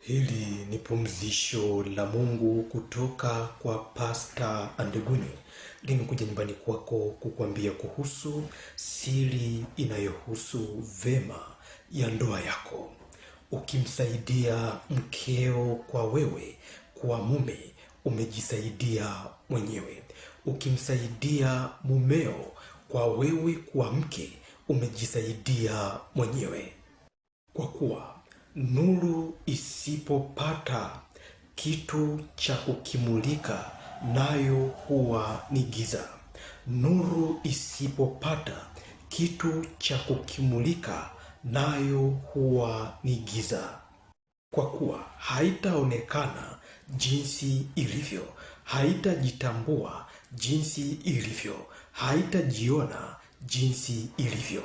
Hili ni pumzisho la Mungu kutoka kwa Pasta andeguni limekuja nyumbani kwako kukuambia kuhusu siri inayohusu vema ya ndoa yako, ukimsaidia mkeo kwa wewe, kwa mume umejisaidia mwenyewe, ukimsaidia mumeo kwa wewe, kwa mke umejisaidia mwenyewe, kwa kuwa nuru isipopata kitu cha kukimulika, nayo huwa ni giza. Nuru isipopata kitu cha kukimulika, nayo huwa ni giza, kwa kuwa haitaonekana jinsi ilivyo, haitajitambua jinsi ilivyo, haitajiona jinsi ilivyo.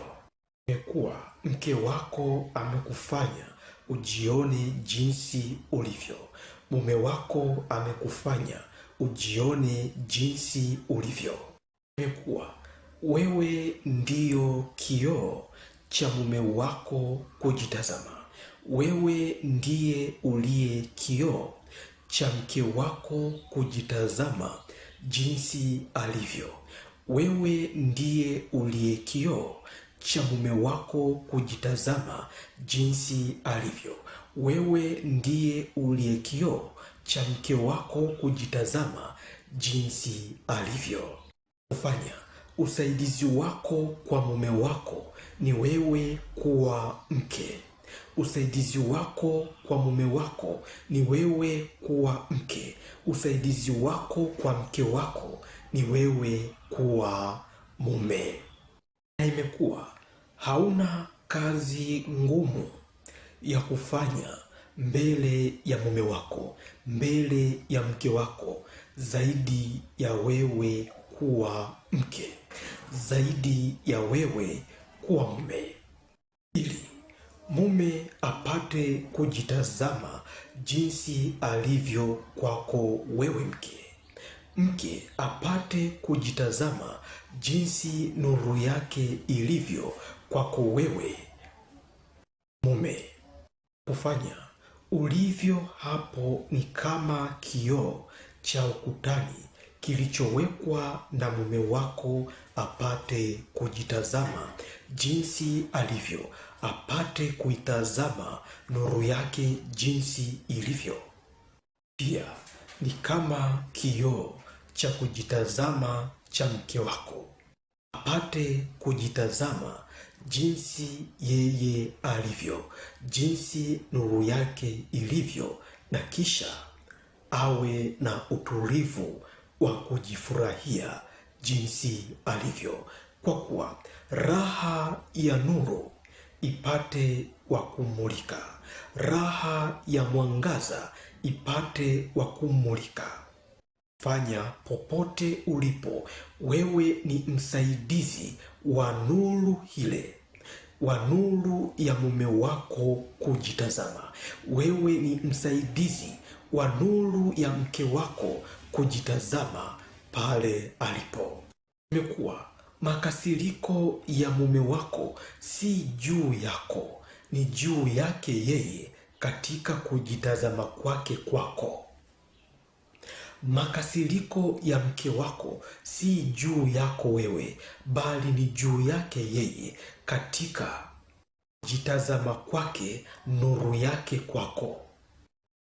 Imekuwa mke wako amekufanya ujione jinsi ulivyo. Mume wako amekufanya ujione jinsi ulivyo. Imekuwa wewe ndiyo kioo cha mume wako kujitazama. Wewe ndiye uliye kioo cha mke wako kujitazama jinsi alivyo. Wewe ndiye uliye kioo cha mume wako kujitazama jinsi alivyo. Wewe ndiye uliye kioo cha mke wako kujitazama jinsi alivyo. Kufanya usaidizi wako kwa mume wako ni wewe kuwa mke. Usaidizi wako kwa mume wako ni wewe kuwa mke. Usaidizi wako kwa mke wako ni wewe kuwa mume. Na imekuwa hauna kazi ngumu ya kufanya mbele ya mume wako, mbele ya mke wako, zaidi ya wewe kuwa mke, zaidi ya wewe kuwa mume, ili mume apate kujitazama jinsi alivyo kwako wewe mke, mke apate kujitazama jinsi nuru yake ilivyo kwako wewe mume kufanya ulivyo hapo ni kama kioo cha ukutani kilichowekwa na mume wako apate kujitazama jinsi alivyo, apate kuitazama nuru yake jinsi ilivyo. Pia ni kama kioo cha kujitazama cha mke wako, apate kujitazama jinsi yeye alivyo, jinsi nuru yake ilivyo, na kisha awe na utulivu wa kujifurahia jinsi alivyo, kwa kuwa raha ya nuru ipate wa kumulika, raha ya mwangaza ipate wa kumulika fanya popote ulipo, wewe ni msaidizi wa nuru ile wa nuru ya mume wako kujitazama. Wewe ni msaidizi wa nuru ya mke wako kujitazama pale alipo. Imekuwa makasiriko ya mume wako si juu yako, ni juu yake yeye katika kujitazama kwake kwako. Makasiriko ya mke wako si juu yako wewe, bali ni juu yake yeye, katika jitazama kwake, nuru yake kwako.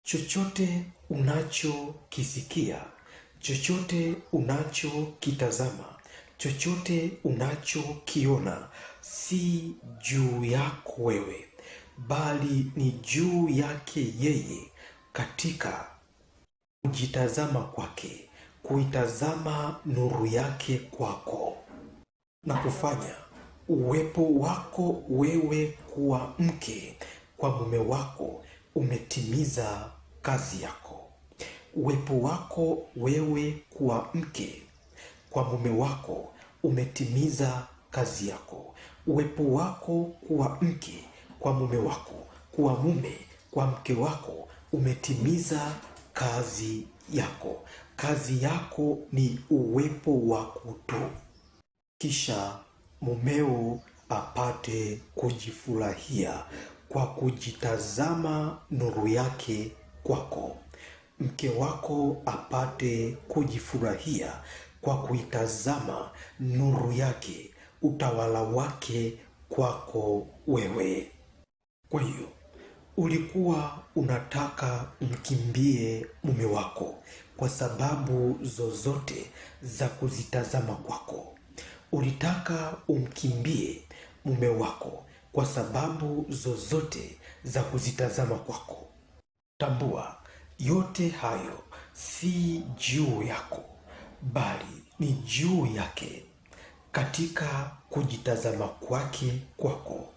Chochote unachokisikia, chochote unachokitazama, chochote unachokiona si juu yako wewe, bali ni juu yake yeye katika kujitazama kwake, kuitazama nuru yake kwako na kufanya uwepo wako wewe kuwa mke kwa mume wako umetimiza kazi yako. Uwepo wako wewe kuwa mke kwa mume wako umetimiza kazi yako. Uwepo wako kuwa mke kwa mume wako, kuwa mume kwa mke wako umetimiza kazi yako. Kazi yako ni uwepo wako tu, kisha mumeo apate kujifurahia kwa kujitazama nuru yake kwako, mke wako apate kujifurahia kwa kuitazama nuru yake, utawala wake kwako wewe. Kwa hiyo Ulikuwa unataka mkimbie mume wako kwa sababu zozote za kuzitazama kwako. Ulitaka umkimbie mume wako kwa sababu zozote za kuzitazama kwako. Tambua yote hayo si juu yako, bali ni juu yake katika kujitazama kwake kwako,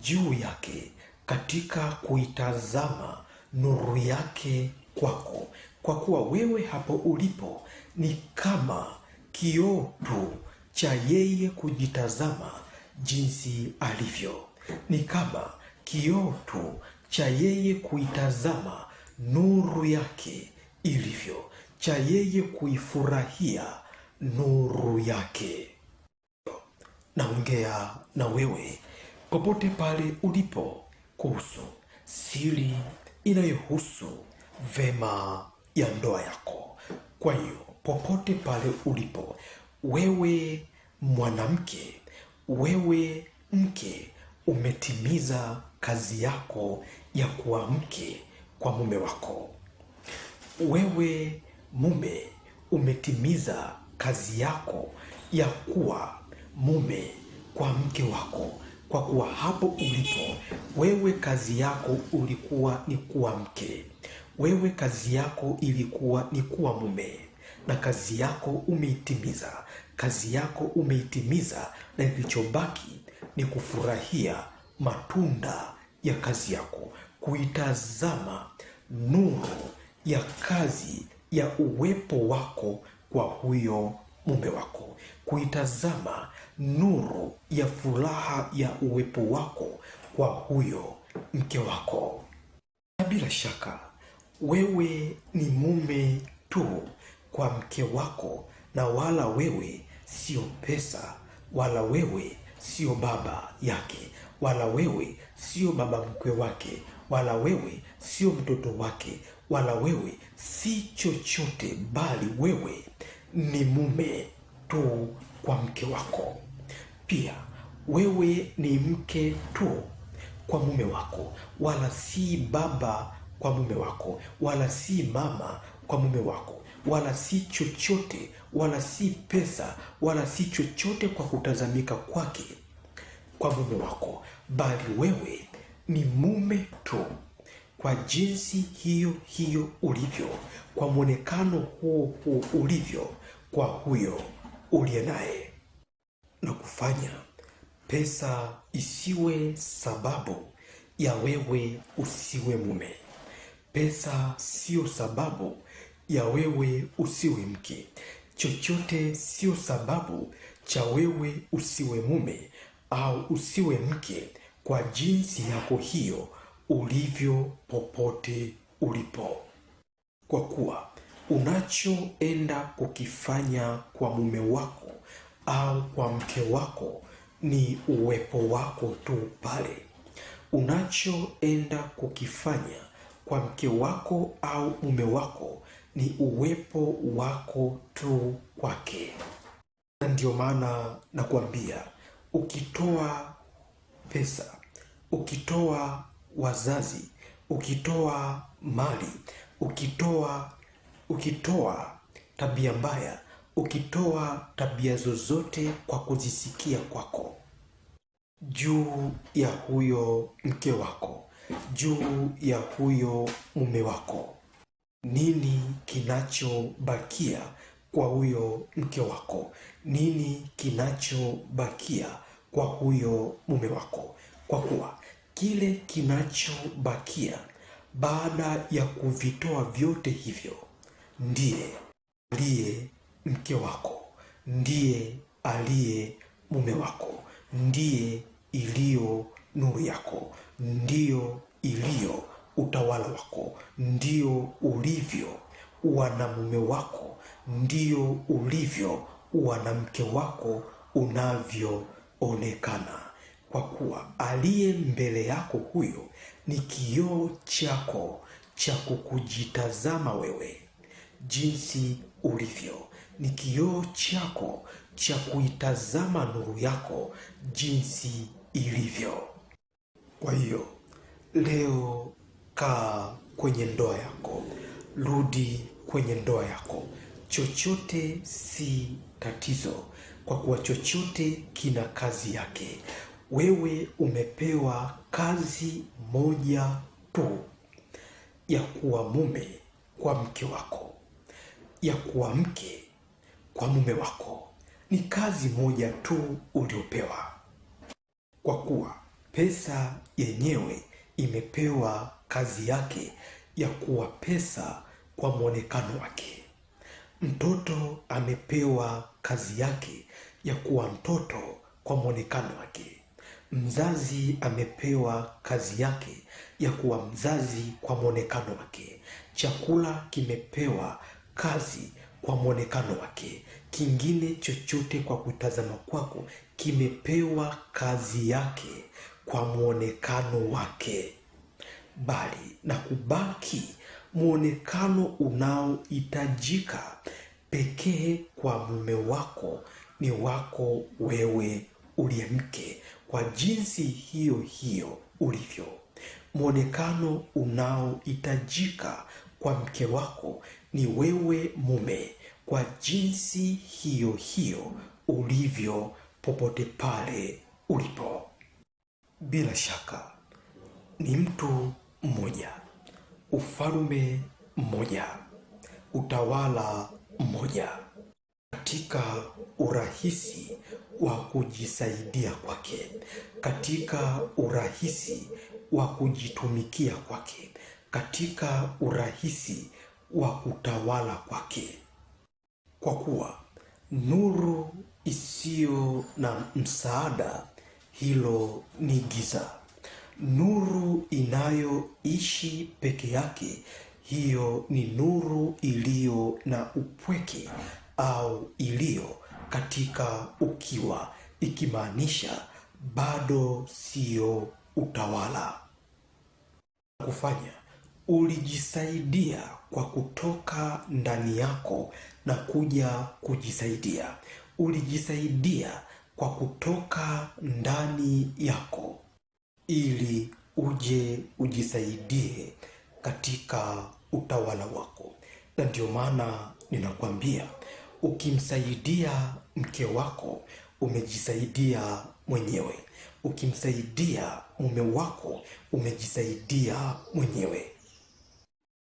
juu yake katika kuitazama nuru yake kwako, kwa kuwa wewe hapo ulipo ni kama kioo tu cha yeye kujitazama jinsi alivyo, ni kama kioo tu cha yeye kuitazama nuru yake ilivyo, cha yeye kuifurahia nuru yake. Naongea na wewe popote pale ulipo kuhusu siri inayohusu vema ya ndoa yako. Kwa hiyo popote pale ulipo wewe mwanamke, wewe mke, umetimiza kazi yako ya kuwa mke kwa mume wako. Wewe mume, umetimiza kazi yako ya kuwa mume kwa mke wako kwa kuwa hapo ulipo wewe, kazi yako ulikuwa ni kuwa mke, wewe kazi yako ilikuwa ni kuwa mume, na kazi yako umeitimiza, kazi yako umeitimiza, na kilichobaki ni kufurahia matunda ya kazi yako, kuitazama nuru ya kazi ya uwepo wako kwa huyo mume wako, kuitazama nuru ya furaha ya uwepo wako kwa huyo mke wako. Na bila shaka wewe ni mume tu kwa mke wako, na wala wewe sio pesa, wala wewe sio baba yake, wala wewe sio baba mkwe wake, wala wewe sio mtoto wake, wala wewe si chochote, bali wewe ni mume tu kwa mke wako. Pia wewe ni mke tu kwa mume wako, wala si baba kwa mume wako, wala si mama kwa mume wako, wala si chochote, wala si pesa, wala si chochote kwa kutazamika kwake kwa mume wako, bali wewe ni mume tu kwa jinsi hiyo hiyo ulivyo, kwa mwonekano huo huo ulivyo kwa huyo uliye naye na kufanya pesa isiwe sababu ya wewe usiwe mume. Pesa sio sababu ya wewe usiwe mke. Chochote sio sababu cha wewe usiwe mume au usiwe mke kwa jinsi yako hiyo ulivyo popote ulipo, kwa kuwa unachoenda kukifanya kwa mume wako au kwa mke wako ni uwepo wako tu pale. Unachoenda kukifanya kwa mke wako au mume wako ni uwepo wako tu kwake, na ndiyo maana nakuambia, ukitoa pesa, ukitoa wazazi, ukitoa mali, ukitoa ukitoa tabia mbaya ukitoa tabia zozote kwa kuzisikia kwako juu ya huyo mke wako, juu ya huyo mume wako. Nini kinachobakia kwa huyo mke wako? Nini kinachobakia kwa huyo mume wako? Kwa kuwa kile kinachobakia baada ya kuvitoa vyote hivyo ndiye aliye mke wako, ndiye aliye mume wako, ndiye iliyo nuru yako, ndiyo iliyo utawala wako, ndiyo ulivyo wanamume wako, ndiyo ulivyo wanamke wako unavyoonekana, kwa kuwa aliye mbele yako huyo ni kioo chako cha kukujitazama wewe jinsi ulivyo ni kioo chako cha kuitazama nuru yako jinsi ilivyo. Kwa hiyo leo, kaa kwenye ndoa yako, rudi kwenye ndoa yako. Chochote si tatizo, kwa kuwa chochote kina kazi yake. Wewe umepewa kazi moja tu ya kuwa mume kwa mke wako, ya kuwa mke kwa mume wako ni kazi moja tu uliopewa, kwa kuwa pesa yenyewe imepewa kazi yake ya kuwa pesa kwa mwonekano wake. Mtoto amepewa kazi yake ya kuwa mtoto kwa mwonekano wake. Mzazi amepewa kazi yake ya kuwa mzazi kwa mwonekano wake. Chakula kimepewa kazi kwa mwonekano wake. Kingine chochote kwa kutazama kwako kimepewa kazi yake kwa mwonekano wake, bali na kubaki mwonekano unaohitajika pekee kwa mume wako ni wako wewe uliye mke, kwa jinsi hiyo hiyo ulivyo. Mwonekano unaohitajika kwa mke wako ni wewe mume, kwa jinsi hiyo hiyo ulivyo popote pale ulipo. Bila shaka ni mtu mmoja, ufalme mmoja, utawala mmoja, katika urahisi wa kujisaidia kwake, katika urahisi wa kujitumikia kwake, katika urahisi wa kutawala kwake, kwa kuwa nuru isiyo na msaada, hilo ni giza. Nuru inayoishi peke yake, hiyo ni nuru iliyo na upweke au iliyo katika ukiwa, ikimaanisha bado siyo utawala kufanya ulijisaidia kwa kutoka ndani yako na kuja kujisaidia. Ulijisaidia kwa kutoka ndani yako ili uje ujisaidie katika utawala wako, na ndiyo maana ninakwambia ukimsaidia mke wako umejisaidia mwenyewe, ukimsaidia mume wako umejisaidia mwenyewe.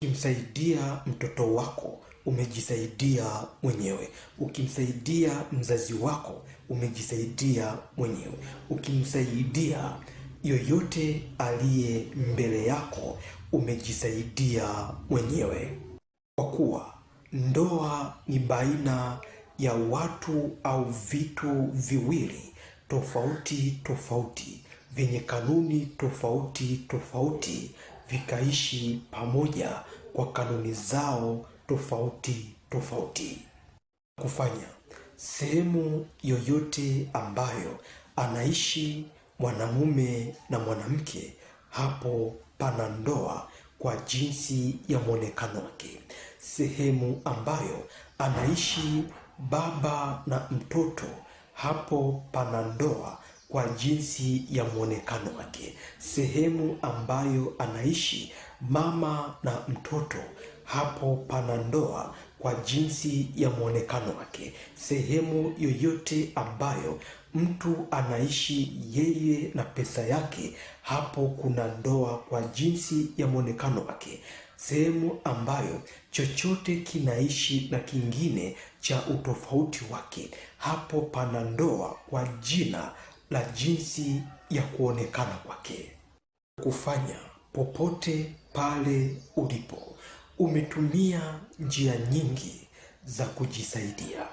Ukimsaidia mtoto wako umejisaidia mwenyewe. Ukimsaidia mzazi wako umejisaidia mwenyewe. Ukimsaidia yoyote aliye mbele yako umejisaidia mwenyewe, kwa kuwa ndoa ni baina ya watu au vitu viwili tofauti tofauti vyenye kanuni tofauti tofauti vikaishi pamoja kwa kanuni zao tofauti tofauti. Kufanya sehemu yoyote ambayo anaishi mwanamume na mwanamke, hapo pana ndoa kwa jinsi ya mwonekano wake. Sehemu ambayo anaishi baba na mtoto, hapo pana ndoa kwa jinsi ya mwonekano wake, sehemu ambayo anaishi mama na mtoto. Hapo pana ndoa kwa jinsi ya mwonekano wake. Sehemu yoyote ambayo mtu anaishi yeye na pesa yake, hapo kuna ndoa kwa jinsi ya mwonekano wake. Sehemu ambayo chochote kinaishi na kingine cha utofauti wake, hapo pana ndoa kwa jina la jinsi ya kuonekana kwake. Kufanya popote pale ulipo, umetumia njia nyingi za kujisaidia,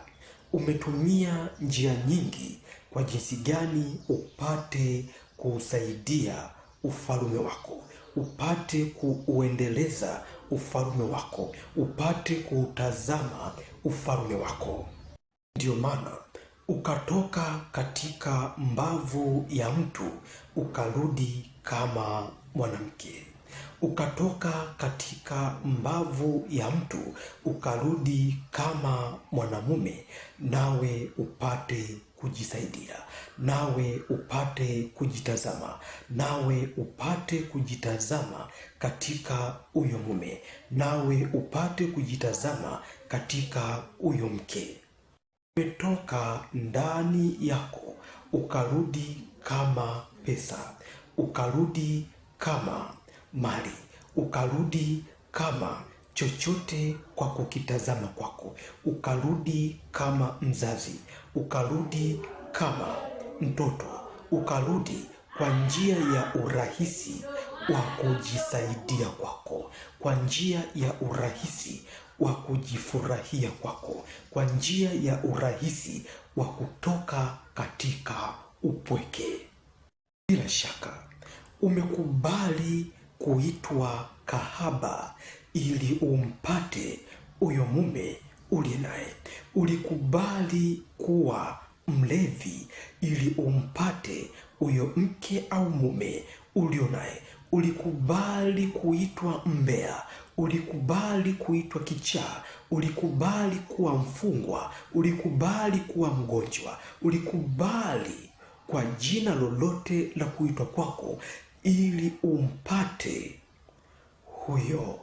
umetumia njia nyingi kwa jinsi gani upate kuusaidia ufalume wako, upate kuuendeleza ufalume wako, upate kuutazama ufalume wako. Ndiyo maana ukatoka katika mbavu ya mtu ukarudi kama mwanamke, ukatoka katika mbavu ya mtu ukarudi kama mwanamume, nawe upate kujisaidia, nawe upate kujitazama, nawe upate kujitazama katika huyo mume, nawe upate kujitazama katika huyo mke umetoka ndani yako ukarudi kama pesa, ukarudi kama mali, ukarudi kama chochote kwa kukitazama kwako, ukarudi kama mzazi, ukarudi kama mtoto, ukarudi kwa njia ya urahisi wa kujisaidia kwako, kwa njia ya urahisi wa kujifurahia kwako, kwa njia ya urahisi wa kutoka katika upweke. Bila shaka umekubali kuitwa kahaba ili umpate huyo mume uliye naye. Ulikubali kuwa mlevi ili umpate huyo mke au mume ulio naye ulikubali kuitwa mbea, ulikubali kuitwa kichaa, ulikubali kuwa mfungwa, ulikubali kuwa mgonjwa, ulikubali kwa jina lolote la kuitwa kwako, ili umpate huyo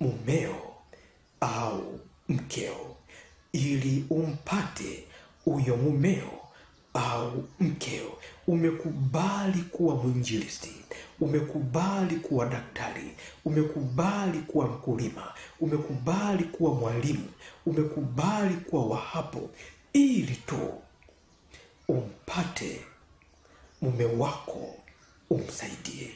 mumeo au mkeo, ili umpate huyo mumeo au mkeo. Umekubali kuwa mwinjilisti umekubali kuwa daktari, umekubali kuwa mkulima, umekubali kuwa mwalimu, umekubali kuwa wahapo, ili tu umpate mume wako umsaidie,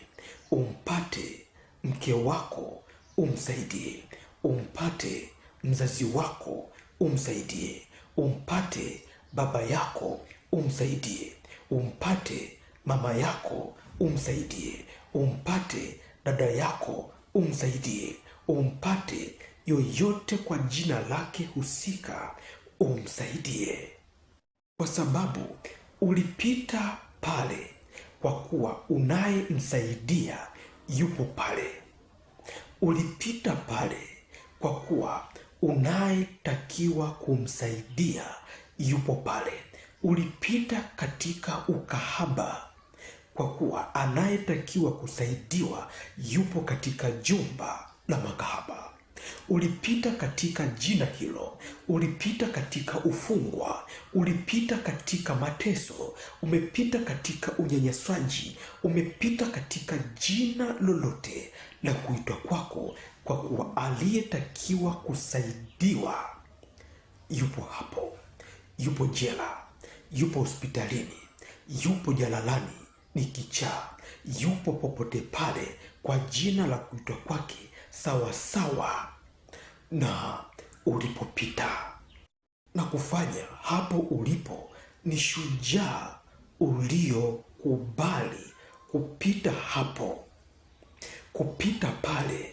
umpate mke wako umsaidie, umpate mzazi wako umsaidie, umpate baba yako umsaidie, umpate mama yako umsaidie, umpate dada yako, umsaidie, umpate yoyote kwa jina lake husika, umsaidie, kwa sababu ulipita pale, kwa kuwa unayemsaidia yupo pale. Ulipita pale, kwa kuwa unayetakiwa kumsaidia yupo pale. Ulipita katika ukahaba kwa kuwa anayetakiwa kusaidiwa yupo katika jumba la makahaba. Ulipita katika jina hilo, ulipita katika ufungwa, ulipita katika mateso, umepita katika unyanyaswaji umepita katika jina lolote la kuitwa kwako, kwa kuwa aliyetakiwa kusaidiwa yupo hapo, yupo jela, yupo hospitalini, yupo jalalani, ni kichaa, yupo popote pale kwa jina la kuitwa kwake sawasawa na ulipopita na kufanya hapo ulipo. Ni shujaa uliokubali kupita hapo, kupita pale,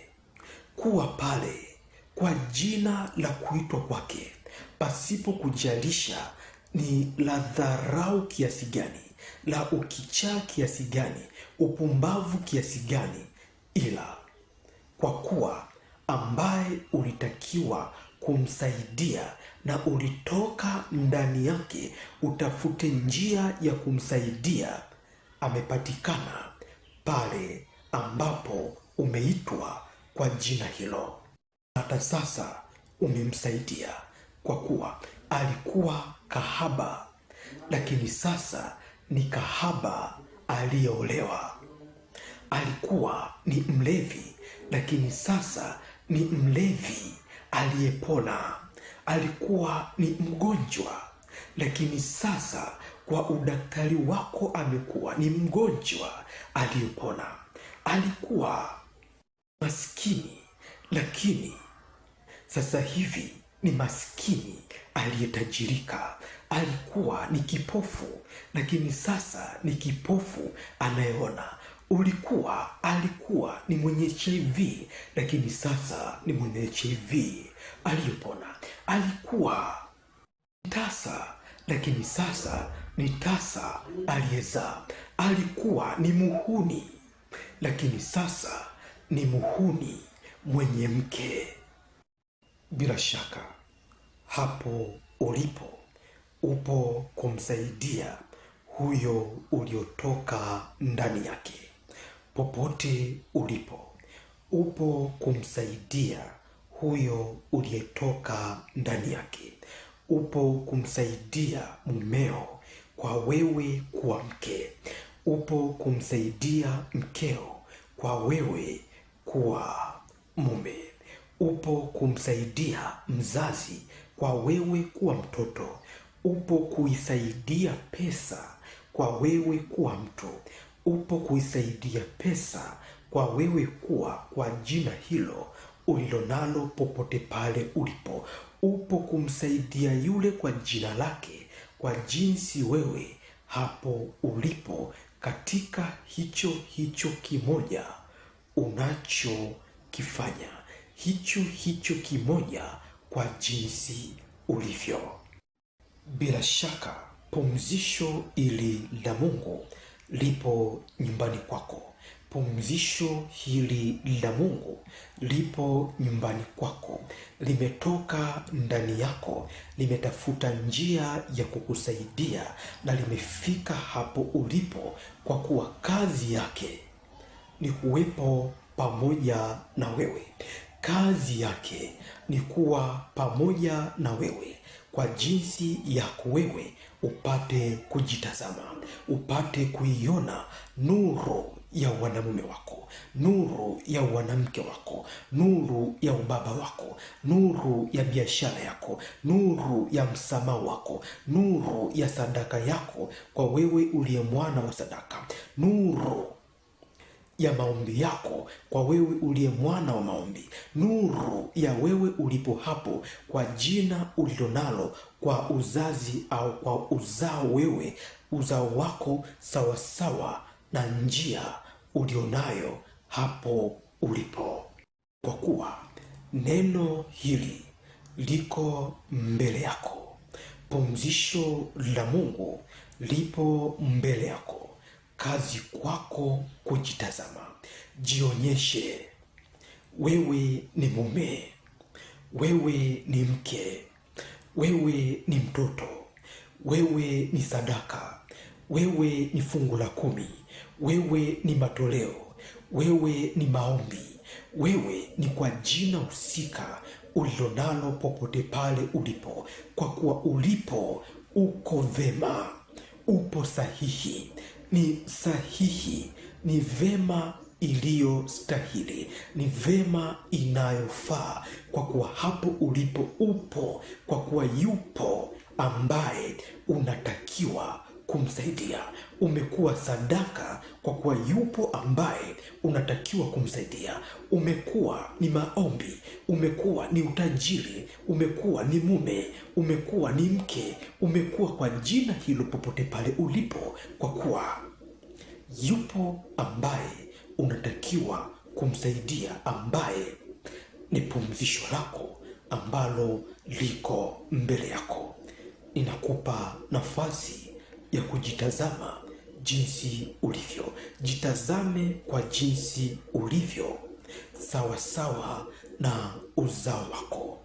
kuwa pale kwa jina la kuitwa kwake, pasipo kujalisha ni la dharau kiasi gani la ukichaa kiasi gani, upumbavu kiasi gani, ila kwa kuwa ambaye ulitakiwa kumsaidia na ulitoka ndani yake, utafute njia ya kumsaidia. Amepatikana pale ambapo umeitwa kwa jina hilo. Hata sasa umemsaidia, kwa kuwa alikuwa kahaba, lakini sasa ni kahaba aliyeolewa. Alikuwa ni mlevi, lakini sasa ni mlevi aliyepona. Alikuwa ni mgonjwa, lakini sasa kwa udaktari wako amekuwa ni mgonjwa aliyepona. Alikuwa maskini, lakini sasa hivi ni maskini aliyetajirika. Alikuwa ni kipofu lakini sasa ni kipofu anayeona. Ulikuwa alikuwa ni mwenye HIV lakini sasa ni mwenye HIV aliyopona. Alikuwa tasa lakini sasa ni tasa aliyezaa. Alikuwa ni muhuni lakini sasa ni muhuni mwenye mke. Bila shaka hapo ulipo upo kumsaidia huyo uliotoka ndani yake. Popote ulipo, upo kumsaidia huyo uliyetoka ndani yake. Upo kumsaidia mumeo kwa wewe kuwa mke. Upo kumsaidia mkeo kwa wewe kuwa mume. Upo kumsaidia mzazi kwa wewe kuwa mtoto upo kuisaidia pesa kwa wewe kuwa mtu, upo kuisaidia pesa kwa wewe kuwa kwa jina hilo ulilonalo popote pale ulipo, upo kumsaidia yule kwa jina lake, kwa jinsi wewe hapo ulipo, katika hicho hicho kimoja unachokifanya, hicho hicho kimoja kwa jinsi ulivyo. Bila shaka pumzisho hili la Mungu lipo nyumbani kwako. Pumzisho hili la Mungu lipo nyumbani kwako, limetoka ndani yako, limetafuta njia ya kukusaidia na limefika hapo ulipo, kwa kuwa kazi yake ni kuwepo pamoja na wewe. Kazi yake ni kuwa pamoja na wewe kwa jinsi yako wewe, upate kujitazama, upate kuiona nuru ya wanamume wako, nuru ya wanamke wako, nuru ya ubaba wako, nuru ya biashara yako, nuru ya msamaha wako, nuru ya sadaka yako, kwa wewe uliye mwana wa sadaka, nuru ya maombi yako kwa wewe uliye mwana wa maombi, nuru ya wewe ulipo hapo, kwa jina ulilonalo kwa uzazi au kwa uzao, wewe uzao wako sawasawa na njia ulionayo hapo ulipo, kwa kuwa neno hili liko mbele yako, pumzisho la Mungu lipo mbele yako kazi kwako kujitazama. Jionyeshe wewe ni mume, wewe ni mke, wewe ni mtoto, wewe ni sadaka, wewe ni fungu la kumi, wewe ni matoleo, wewe ni maombi, wewe ni kwa jina husika ulilonalo popote pale ulipo, kwa kuwa ulipo uko vema, upo sahihi ni sahihi, ni vema iliyostahili ni vema inayofaa, kwa kuwa hapo ulipo upo, kwa kuwa yupo ambaye unatakiwa kumsaidia, umekuwa sadaka kwa kuwa yupo ambaye unatakiwa kumsaidia, umekuwa ni maombi, umekuwa ni utajiri, umekuwa ni mume, umekuwa ni mke, umekuwa kwa jina hilo popote pale ulipo, kwa kuwa yupo ambaye unatakiwa kumsaidia, ambaye ni pumzisho lako ambalo liko mbele yako. inakupa nafasi ya kujitazama jinsi ulivyo. Jitazame kwa jinsi ulivyo sawa sawa na uzao wako.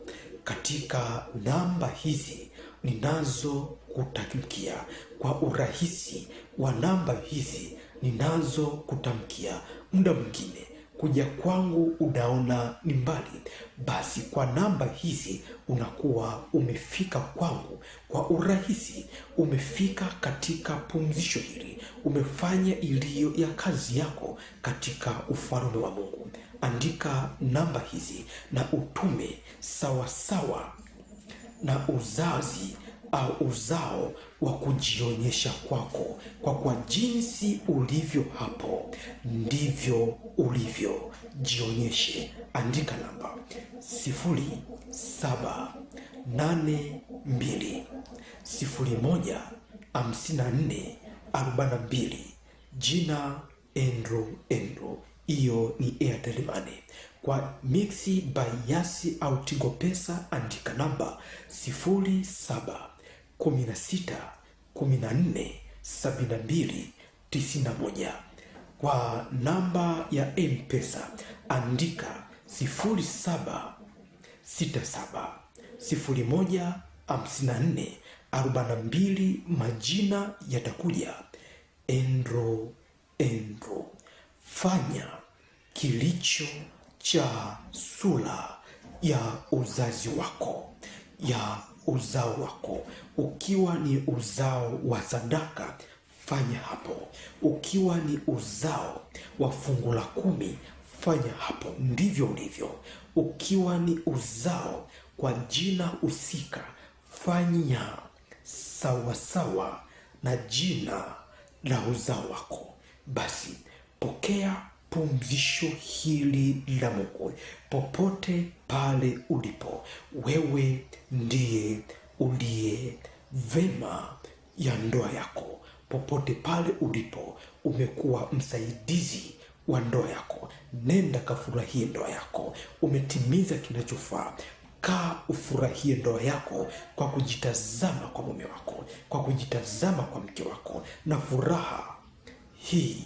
Katika namba hizi ninazokutamkia, kwa urahisi wa namba hizi ninazokutamkia, muda mwingine kuja kwangu unaona ni mbali, basi kwa namba hizi unakuwa umefika kwangu kwa urahisi, umefika katika pumzisho hili, umefanya iliyo ya kazi yako katika ufalme wa Mungu. Andika namba hizi na utume sawasawa na uzazi au uzao wa kujionyesha kwako, kwa kwa jinsi ulivyo hapo ndivyo ulivyo jionyeshe. Andika namba sifuri saba nane mbili sifuri moja hamsini na nne arobaini na mbili. Jina endro endro Hiyo ni Airtel Money. Kwa mixi yasi au Tigo Pesa, andika namba sifuri saba kumi na sita kumi na nne sabini na mbili tisini na moja kwa namba ya mpesa pesa andika 0767015442 majina yatakuja. Endro Endro, fanya kilicho cha sura ya uzazi wako ya uzao wako, ukiwa ni uzao wa sadaka fanya hapo. Ukiwa ni uzao wa fungu la kumi, fanya hapo, ndivyo ulivyo. Ukiwa ni uzao kwa jina husika, fanya sawasawa sawa na jina la uzao wako. Basi pokea pumzisho hili la Mungu popote pale ulipo. Wewe ndiye uliye vema ya ndoa yako popote pale ulipo, umekuwa msaidizi wa ndoa yako. Nenda kafurahie ndoa yako, umetimiza kinachofaa. Kaa ufurahie ndoa yako kwa kujitazama kwa mume wako, kwa kujitazama kwa mke wako, na furaha hii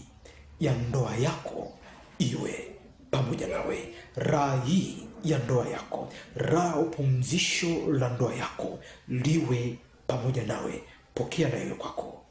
ya ndoa yako iwe pamoja nawe. Raha hii ya ndoa yako, raha upumzisho la ndoa yako liwe pamoja nawe. Pokea na iwe kwako.